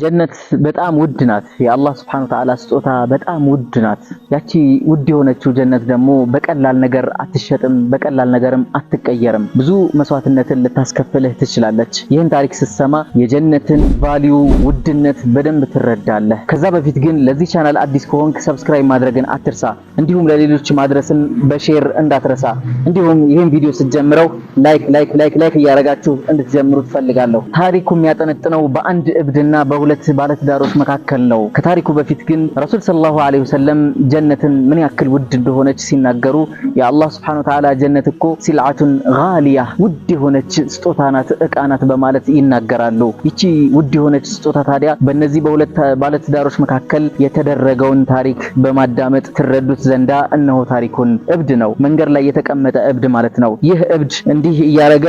ጀነት በጣም ውድ ናት። የአላህ ስብሐነሁ ወተዓላ ስጦታ በጣም ውድ ናት። ያቺ ውድ የሆነችው ጀነት ደግሞ በቀላል ነገር አትሸጥም፣ በቀላል ነገርም አትቀየርም። ብዙ መስዋዕትነትን ልታስከፍልህ ትችላለች። ይህን ታሪክ ስትሰማ የጀነትን ቫሊዩ ውድነት በደንብ ትረዳለህ። ከዛ በፊት ግን ለዚህ ቻናል አዲስ ከሆንክ ሰብስክራይብ ማድረግን አትርሳ፣ እንዲሁም ለሌሎች ማድረስን በሼር እንዳትረሳ። እንዲሁም ይህን ቪዲዮ ስትጀምረው ላይክ ላይክ ላይክ ላይክ እያደረጋችሁ እንድትጀምሩ ትፈልጋለሁ። ታሪኩ የሚያጠነጥነው በአንድ እብድና በሁለት ባለትዳሮች መካከል ነው። ከታሪኩ በፊት ግን ረሱል ሰለላሁ ዐለይሂ ወሰለም ጀነትን ምን ያክል ውድ እንደሆነች ሲናገሩ የአላህ ሱብሓነሁ ወተዓላ ጀነት እኮ ሲልዓቱን ጋሊያ ውድ የሆነች ስጦታ ናት፣ እቃ ናት በማለት ይናገራሉ። ይቺ ውድ የሆነች ስጦታ ታዲያ በእነዚህ በሁለት ባለትዳሮች መካከል የተደረገውን ታሪክ በማዳመጥ ትረዱት ዘንዳ እነሆ ታሪኩን። እብድ ነው፣ መንገድ ላይ የተቀመጠ እብድ ማለት ነው። ይህ እብድ እንዲህ እያረገ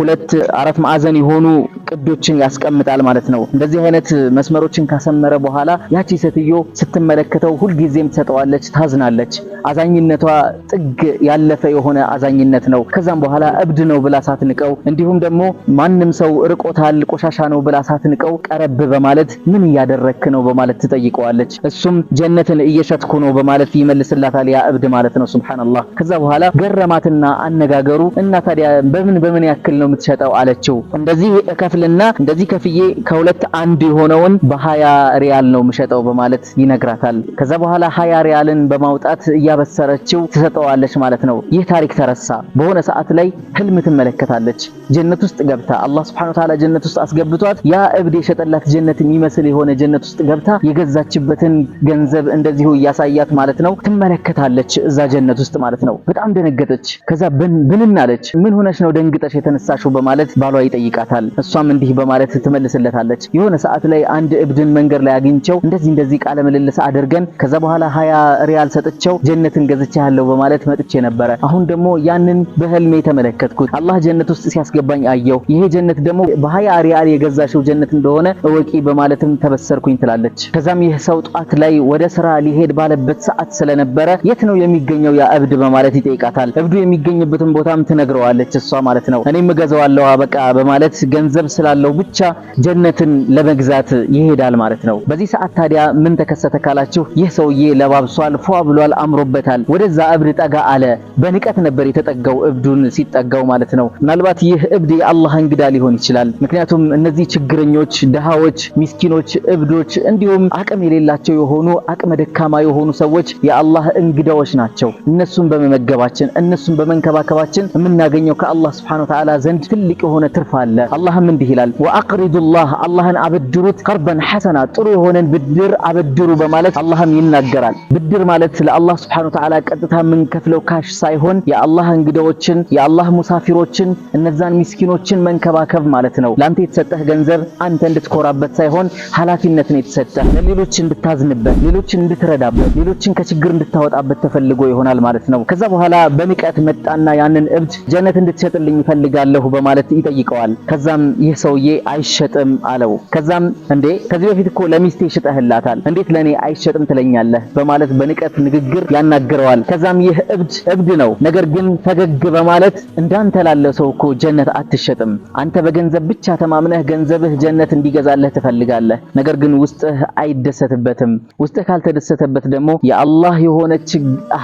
ሁለት አራት ማዕዘን የሆኑ ቅዶችን ያስቀምጣል ማለት ነው። እንደዚህ አይነት መስመሮችን ካሰመረ በኋላ ያቺ ሴትዮ ስትመለከተው ሁልጊዜም ትሰጠዋለች፣ ታዝናለች። አዛኝነቷ ጥግ ያለፈ የሆነ አዛኝነት ነው። ከዛም በኋላ እብድ ነው ብላ ሳትንቀው፣ እንዲሁም ደግሞ ማንም ሰው ርቆታል፣ ቆሻሻ ነው ብላ ሳትንቀው ቀረብ በማለት ምን እያደረክ ነው በማለት ትጠይቀዋለች። እሱም ጀነትን እየሸጥኩ ነው በማለት ይመልስላታል። ያ እብድ ማለት ነው። ሱብሃንአላህ። ከዛ በኋላ ገረማትና አነጋገሩ እና ታዲያ በምን በምን ያክል ነው የምትሸጠው አለችው። እንደዚህ ከፍልና እንደዚህ ከፍዬ ከሁለት አንድ የሆነውን በሀያ ሪያል ነው የምሸጠው በማለት ይነግራታል። ከዛ በኋላ ሀያ ሪያልን በማውጣት እያበሰረችው ትሰጠዋለች ማለት ነው። ይህ ታሪክ ተረሳ። በሆነ ሰዓት ላይ ህልም ትመለከታለች። ጀነት ውስጥ ገብታ አላህ ሱብሐነሁ ወተዓላ ጀነት ውስጥ አስገብቷት ያ እብድ የሸጠላት ጀነት የሚመስል የሆነ ጀነት ውስጥ ገብታ የገዛችበትን ገንዘብ እንደዚሁ እያሳያት ማለት ነው ትመለከታለች፣ እዛ ጀነት ውስጥ ማለት ነው። በጣም ደነገጠች። ከዛ ብንን ምን ሆነች ነው ደንግጠሽ የተነሳሽው በማለት ባሏ ይጠይቃታል። እሷም እሷም እንዲህ በማለት ትመልስለታለች። የሆነ ሰዓት ላይ አንድ እብድን መንገድ ላይ አግኝቸው እንደዚህ እንደዚህ ቃለ ምልልስ አድርገን ከዛ በኋላ ሀያ ሪያል ሰጥቸው ጀነትን ገዝቻለሁ በማለት መጥቼ ነበረ። አሁን ደግሞ ያንን በህልሜ ተመለከትኩት። አላህ ጀነት ውስጥ ሲያስገባኝ አየሁ። ይሄ ጀነት ደግሞ በሀያ ሪያል የገዛሽው ጀነት እንደሆነ እወቂ በማለትም ተበሰርኩኝ ትላለች። ከዛም ይህ ሰው ጧት ላይ ወደ ስራ ሊሄድ ባለበት ሰዓት ስለነበረ የት ነው የሚገኘው ያ እብድ በማለት ይጠይቃታል። እብዱ የሚገኝበትን ቦታም ትነግረዋለች እሷ ማለት ነው። እኔም እገዛዋለሁ በቃ በማለት ገንዘብ ስላለው ብቻ ጀነትን ለመግዛት ይሄዳል ማለት ነው። በዚህ ሰዓት ታዲያ ምን ተከሰተ ካላችሁ ይህ ሰውዬ ለባብሷል፣ ፏ ብሏል፣ አምሮበታል። ወደዛ እብድ ጠጋ አለ። በንቀት ነበር የተጠጋው እብዱን ሲጠጋው ማለት ነው። ምናልባት ይህ እብድ የአላህ እንግዳ ሊሆን ይችላል። ምክንያቱም እነዚህ ችግረኞች፣ ድሃዎች፣ ሚስኪኖች፣ እብዶች እንዲሁም አቅም የሌላቸው የሆኑ አቅመ ደካማ የሆኑ ሰዎች የአላህ እንግዳዎች ናቸው። እነሱን በመመገባችን እነሱን በመንከባከባችን የምናገኘው ከአላህ ስብሐነሁ ወተዓላ ዘንድ ትልቅ የሆነ ትርፍ አለ። አላህም እንዲህ እንዲህ ይላል፣ ወአቅሪዱላህ አላህን አበድሩት፣ ቀርበን ሐሰና ጥሩ የሆነን ብድር አበድሩ በማለት አላህም ይናገራል። ብድር ማለት ለአላህ ስብሐነሁ ወተዓላ ቀጥታ የምንከፍለው ካሽ ሳይሆን የአላህ እንግዳዎችን፣ የአላህ ሙሳፊሮችን፣ እነዛን ሚስኪኖችን መንከባከብ ማለት ነው። ለአንተ የተሰጠህ ገንዘብ አንተ እንድትኮራበት ሳይሆን ኃላፊነት ነው የተሰጠህ፣ ለሌሎች እንድታዝንበት፣ ሌሎችን እንድትረዳበት፣ ሌሎችን ከችግር እንድታወጣበት ተፈልጎ ይሆናል ማለት ነው። ከዛ በኋላ በንቀት መጣና ያንን እብድ ጀነት እንድትሸጥልኝ ይፈልጋለሁ በማለት ይጠይቀዋል። ከዛም ይህ ይህ ሰውዬ አይሸጥም አለው። ከዛም እንዴ ከዚህ በፊት እኮ ለሚስቴ ሽጠህላታል፣ እንዴት ለኔ አይሸጥም ትለኛለህ? በማለት በንቀት ንግግር ያናግረዋል። ከዛም ይህ እብድ እብድ ነው፣ ነገር ግን ፈገግ በማለት እንዳንተ ላለ ሰው እኮ ጀነት አትሸጥም። አንተ በገንዘብ ብቻ ተማምነህ ገንዘብህ ጀነት እንዲገዛለህ ትፈልጋለህ፣ ነገር ግን ውስጥህ አይደሰትበትም። ውስጥህ ካልተደሰተበት ደግሞ የአላህ የሆነች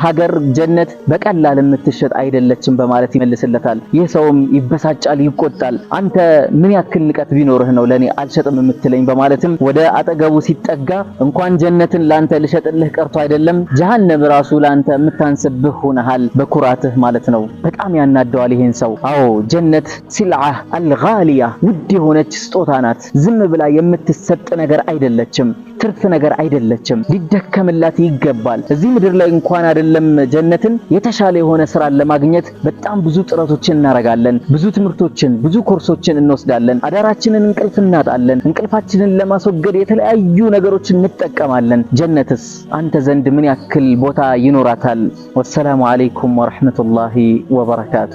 ሀገር ጀነት በቀላል የምትሸጥ አይደለችም በማለት ይመልስለታል። ይህ ሰውም ይበሳጫል፣ ይቆጣል። አንተ ምን ያክል ንቀት ቢኖርህ ነው ለኔ አልሸጥም የምትለኝ በማለትም ወደ አጠገቡ ሲጠጋ እንኳን ጀነትን ላንተ ልሸጥልህ ቀርቶ አይደለም ጀሃነም ራሱ ላንተ የምታንስብህ ሆነሃል በኩራትህ ማለት ነው። በጣም ያናደዋል ይሄን ሰው። አዎ ጀነት ሲልዓ አልጋሊያ ውድ የሆነች ስጦታ ናት። ዝም ብላ የምትሰጥ ነገር አይደለችም። ትርፍ ነገር አይደለችም፣ ሊደከምላት ይገባል። እዚህ ምድር ላይ እንኳን አይደለም ጀነትን የተሻለ የሆነ ስራን ለማግኘት በጣም ብዙ ጥረቶችን እናደርጋለን። ብዙ ትምህርቶችን፣ ብዙ ኮርሶችን እንወስዳለን። አዳራችንን እንቅልፍ እናጣለን። እንቅልፋችንን ለማስወገድ የተለያዩ ነገሮችን እንጠቀማለን። ጀነትስ አንተ ዘንድ ምን ያክል ቦታ ይኖራታል? ወሰላሙ አለይኩም ወራህመቱላሂ ወበረካቱ።